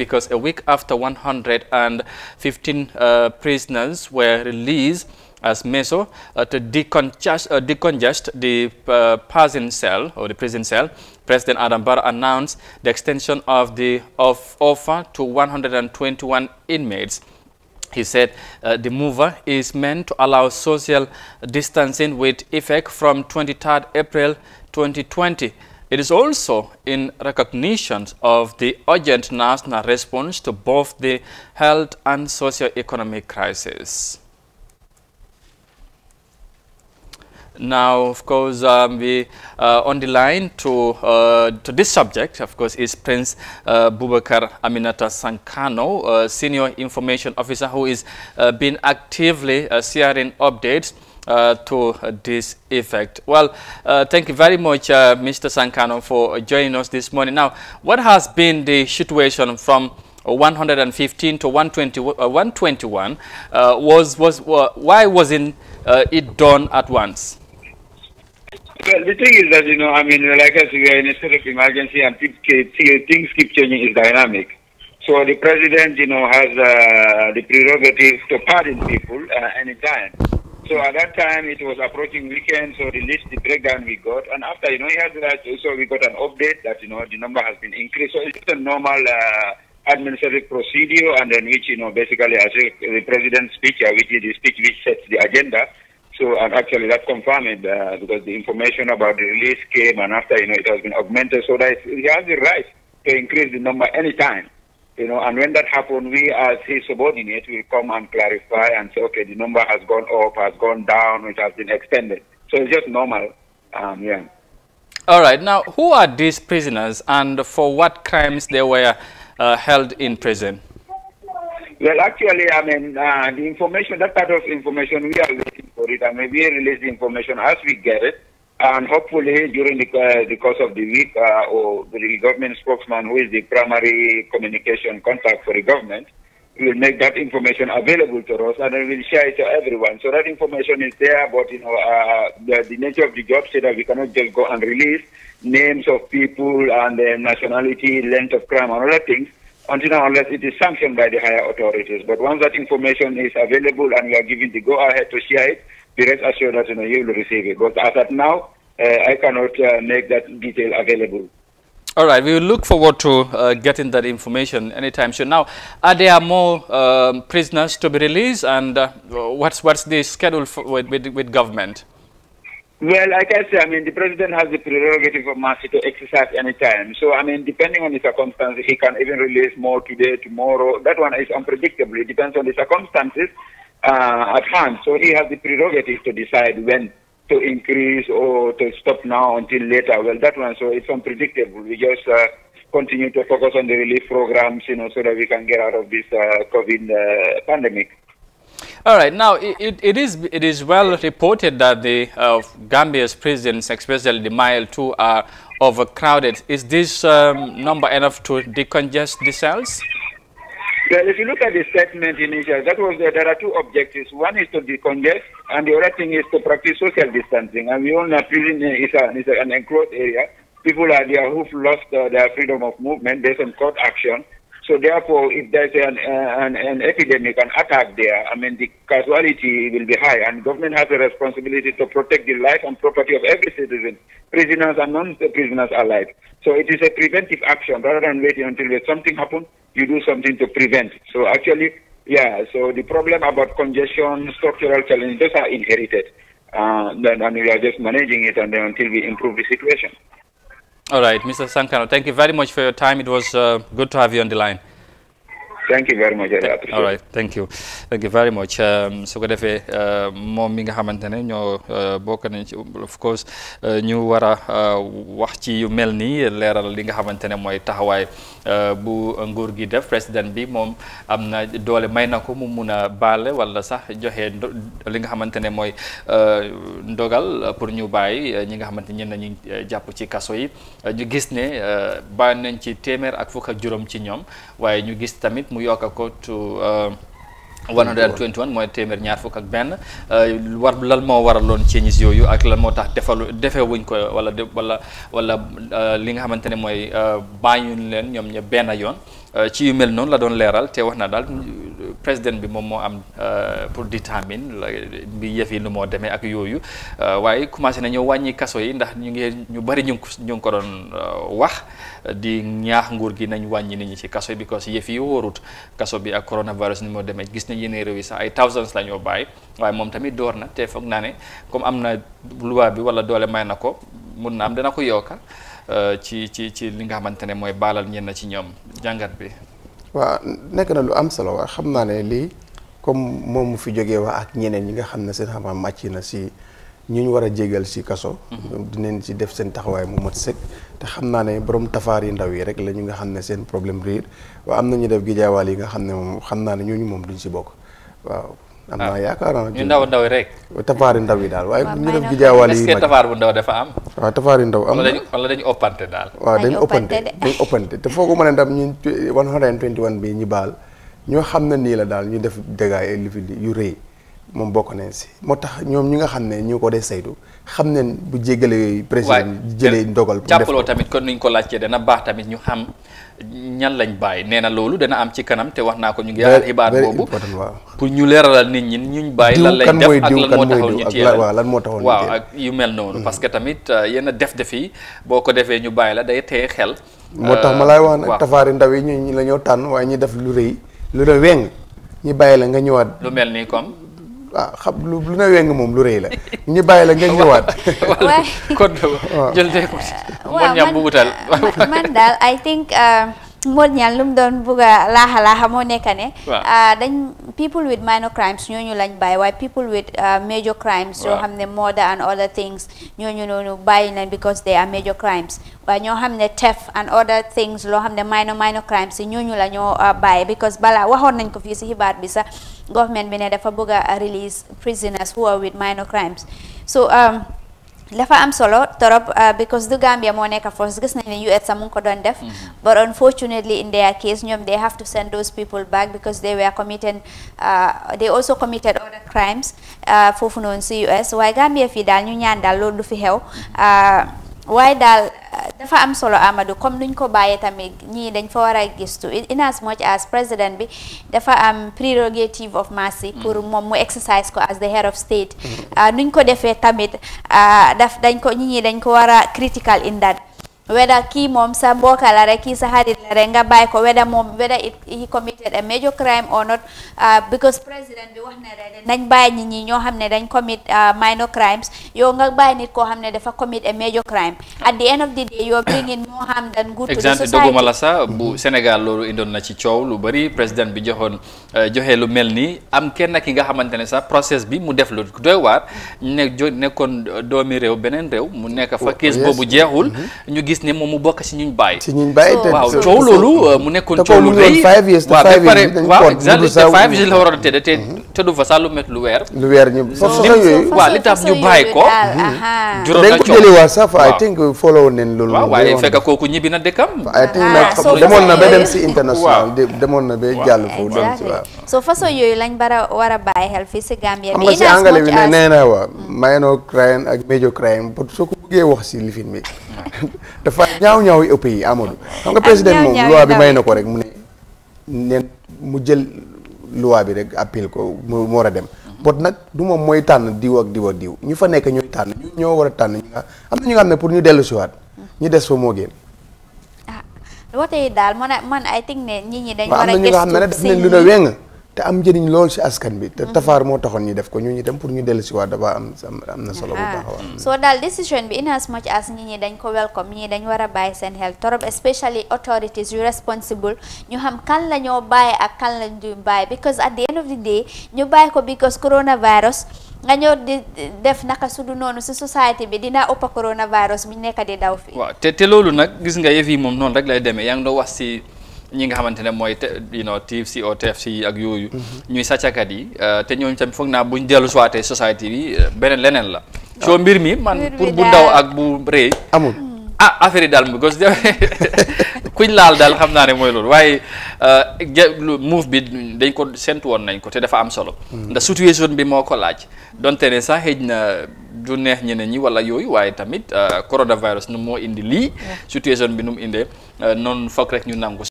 because a week after 115 uh, prisoners were released as meso uh, to decongest, uh, decongest the uh, prison cell or the prison cell. President Adam Barrow announced the extension of the of offer to 121 inmates. He said uh, the mover is meant to allow social distancing with effect from 23rd April 2020 it is also in recognition of the urgent national response to both the health and socio-economic crisis. Now, of course, um, we uh, on the line to uh, to this subject, of course, is Prince uh, Bubakar Aminata Sankano, Senior Information Officer, who is uh, been actively uh, sharing updates uh, to this effect. Well, uh, thank you very much, uh, Mr. Sankano, for joining us this morning. Now, what has been the situation from 115 to 120, 121? Uh, uh, was, was, uh, why wasn't it done at once? Well, the thing is that, you know, I mean, like I said, we are in a state of emergency and things keep changing, it's dynamic. So the president, you know, has the prerogative to pardon people uh, anytime. So at that time, it was approaching weekend, so the list, the breakdown we got. And after, you know, he had that, so we got an update that, you know, the number has been increased. So it's just a normal uh, administrative procedure, and then which, you know, basically, as the president's speech, uh, which is the speech which sets the agenda. So, and actually, that confirmed uh, because the information about the release came, and after, you know, it has been augmented. So that he has the right to increase the number anytime. You know, and when that happens, we as his subordinate will come and clarify and say, okay, the number has gone up, has gone down, it has been extended. So it's just normal. Um, yeah. All right. Now, who are these prisoners and for what crimes they were uh, held in prison? Well, actually, I mean, uh, the information, that part of information, we are waiting for it. I mean, we release the information as we get it. And hopefully, during the, uh, the course of the week, uh, or the government spokesman, who is the primary communication contact for the government, will make that information available to us and we will share it to everyone. So that information is there, but you know, uh, the, the, nature of the job said that we cannot just go and release names of people and their nationality, length of crime, and other things until unless it is sanctioned by the higher authorities. But once that information is available and we are given the go ahead to share it, the rest assured you know, you will receive it. But as of now, eh, I cannot eh, make that detail available. All right, we will look forward to uh, getting that information anytime soon. Now, are there more um, prisoners to be released, and uh, what's what's the schedule for, with, with, with government? Well, like I say, I mean, the president has the prerogative of mercy to exercise any time. So, I mean, depending on the circumstances, he can even release more today, tomorrow. That one is unpredictable. It depends on the circumstances uh, at hand. So he has the prerogative to decide when to increase or to stop now until later. Well, that one, so it's unpredictable. We just uh, continue to focus on the relief programs, you know, so that we can get out of this uh, COVID uh, pandemic. All right. Now, it, it, is, it is well reported that the uh, Gambia's prisons, especially the Mile 2, are overcrowded. Is this um, number enough to decongest the cells? Well, if you look at the statement initially, that was uh, there are two objectives. One is to decongest, and the other thing is to practice social distancing. And we all know prison is, is an enclosed area. People are there who've lost uh, their freedom of movement based on court action. So therefore, if there's an, uh, an, an epidemic, an attack there, I mean, the casualty will be high, and government has a responsibility to protect the life and property of every citizen, prisoners and non-prisoners alike. So it is a preventive action rather than waiting until something happens you do something to prevent. So actually, yeah, so the problem about congestion, structural challenges, those are inherited. Uh, and we are just managing it and then uh, until we improve the situation. All right, Mr. Sankano, thank you very much for your time. It was uh, good to have you on the line. thank you very much thank you very much um, su ko defee uh, moom mi nga xamante ne ñoo uh, bokk nañ ci of course uh, ñu war a wax ci yu mel nii leeral li nga xamante ne mooy taxawaay bu nguur gi def président bi moom am na doole may na ko mu mun a baale wala sax joxe li nga xamante ne mooy ndogal pour ñu bàyyi ñi nga xamante ñen nañu jàpp ci kaso yi ñu gis ne bàyyi nañ ci téeméer ak fukk ak juróom ci ñoom waaye ñu gis tamit mu yokk ko to 121 uh, mooy téeméer ñaar fukk ak benn uh, war lan moo waraloon changes yooyu ak lan moo tax defalu defee wuñ ko wala wala wala uh, li nga xamante ne mooy bàyyiwuñ leen ñoom ña benn yoon ci yu mel noonu la doon leeral te wax na daal president bi mom mo am euh, pour determine, bi yefi yi nu moo ak yoyu euh, waye commencé nañu wañi kaso yi ndax ñu ngi ñu bari ñu ñu ko don euh, wax di ñaax nguur gi nañ wañi nit ñi ci kaso because yëf yi worut kaso bi ak coronavirus ni mo demee gis na yene rew yi sax ay thousands la bay waye wai tamit door na te foog naa comme am loi bi wala doole may na mën mun na am dana ko yokka ci ci ci li nga xamantene moy balal ñen ci ñom jangat bi waaw nekk na lu am solo xam naa ne lii comme moom mu fi jógee waa ak ñeneen ñi nga xam ne seen xam-xam màcc na si ñu ñu war a jégal si kaso. Mhm. dinañ si def seen taxawaay mu mat sëkk. te xam naa ne borom tafaar yi ndaw yi rek la ñu nga xam ne seen problème réer waa am na ñu def gijaawaal yi nga xam ne moom xam naa ne ñooñu moom duñ si bokk waaw. am naa ah. yaakaar naa. ñu ndaw ndaw rek. tafaari ndaw yi daal waaye ñu def gijaawaale yi. est bu ndaw dafa am. waaw tafaari ndaw am na wala dañu ëppante daal. waa dañu ëppante dañu ëppante te foo ko mën a ndam ñu 121 bi ñu baal ñoo xam ne nii la daal ñu def dégâts yi li yu rëy. moom bokk nañ si moo tax ñoom ñi nga xam ne ñu ko dee saytu xam ne bu jégalee président jëlee ndogal jàppaloo tamit kon nuñ ko laajtee dana baax tamit ñu xam ñan lañ bàyyi nee na loolu dana am ci kanam te wax naa ko ñu ngi yaakaar xibaar boobu pour ñu leeralal nit ñi ñuñ bàyyi lan lañ def ak lan moo taxoon ñu téye waaw lan moo taxoon waaw ak yu mel noonu mm-hmm. parce que tamit euh, yenn def-def yi boo ko defee ñu bàyyi la day teye xel moo tax ma laay wax euh, nag tafaari ndaw yi ñu la ñoo tànn waaye ñu def lu rëy lu rëy weng ñu bàyyi la nga ñëwaat lu mel nii comme ah xam lu lu ne weng moom lu rëy la ñu bàyyi la nga ñëwaat. waaw kon jël de ko. waaw man man daal I think. Euh, Modou Niang lu mu doon bugg a laaxa laaxa moo nekk ne. Ah, dañ people with minor crimes ñu lañ bàyyi waaye people with ah, major crimes. yoo xam ne murder and other things ñooñu noonu bàyyi nañ because they are major crimes ñoo xam ne theft and other things loo xam ne minor minor crimes ñooñu la ñoo ah, bàyyi because balaa waxoon nañ ko fii si baat bi sax government bi ne dafa bugg a release prisoners who are with minor crimes so. Um, dafa am solo torop euh, because du Gambia moo nekk force gis nañ ne US sax mu ngi ko doon def mm-hmm. but unfortunately in their case ñoom they have to send those people back because they were committed euh, they also committed other crimes euh, foofu noonu si US waaye Gambia fii daal ñu ñaan daal loolu du fi xew mm-hmm. waaye daal dafa am solo amadu comme nuñ ko bàyyee tamit ñii dañ fa war a gistu in as much as président bi dafa am prerogative of mercy mm-hmm. pour moom mu exercise ko as the head of state mm-hmm. ah, nuñ ko defee tamit ah, def dañ ko ñi ñii dañ ko war a critical in that whether kii moom sa mbokka la rek kii sa xarit la rek nga bàyyi ko whether moom whether it he committed a major crime or not uh, because president bi wax na rek nañ bàyyi ñi ñoo xam ne dañ commit uh, minor crimes yow nga bàyyi nit koo xam ne dafa commit a major crime at the end of the day yow bring in more harm than good to the society sax bu Sénégal loolu indoon na ci coow lu bëri président bi joxoon uh, joxe lu mel nii am kenn ki nga xamante ne sax process bi mu def lu doy waar ne nekkoon doomi beneen réew mu nekk fa kees oh, oh, boobu jeexul mm-hmm. gis ne moom mu bokk si ñuñ bàyyi ci ñuñ bàyyi te waaw ciow lolu mu nekkon ciow lu reuy waaw years te waaw exactly te 5 years la waroon a tëdd te du fa sa lu met lu weer lu weer ñu waaw li tax ñu bàyyi ko juro na ciow dañ ko sax I think follow nen lolu waaw waaye fekk kooku ñibbi na dëkkam I think nag demone na ba dem ci international demone na be jàll foofu dem ci waaw so façon yoy lañ bara wara a hel fi ci si Gambia xam nga si angale bi nee naa waa mm. minor crime ak uh, major crime pour soo ko bëggee wax si lifin bi dafa ñaaw ñaaw yi ëpp yi Amadou. xam nga président moom loi bi may na ko rek mu ne. neen mu jël luwaa bi rek appel ko mu war a dem. Mm-hmm. pot nag du moom mooy tànn diw ak diw ak diw ñu fa nekk ñooy tànn ñu ñoo war a tànn ñu am na ñu nga xam ne pour ñu dellu si ñu des fa moo génn. ah woote yi daal man man ay think ne nit ñi dañ war a gëstu am na ñu nga xam ne def nañ lu ne weng. te am njëriñ lool ci askan bi te mhm. tafaar moo taxoon ñu def ko ñun ñu dellu si waat dafa am na solo bu ah. baax mm. soo daal décision bi in as much as ñi ñi dañ ko welcome ñi dañ war a bàyyi seen xel torop especially authorities yu responsible ñu xam kan la ñoo bàyyi ak kan la ñu bàyyi because at the end of the day ñu bàyyi ko because coronavirus nga ñëw di def naka su du noonu si société bi dina a coronavirus bi nekk di daw fii te loolu nag gis nga yëf ñi nga xamante ne mooy you know TFC o TFC ak yooyu mm-hmm. ñuy sàccakat yi euh, te ñooñu tamit foog naa buñ dellu suwaatee société bi euh, beneen leneen la ah. soo mbir mi man pour bu ndaw ak bu rëy amul a ah, affaire yi daal mu gos kuñ laal daal xam naa ne mooy loolu waaye euh, move bi dañ ko sentu woon nañ ko te dafa am solo mm. ndax situation bi moo ko laaj donte ne sax xëj na du neex ñeneen ñi wala yooyu waaye tamit coronavirus nu moo indi lii situation bi nu mu indee noonu foog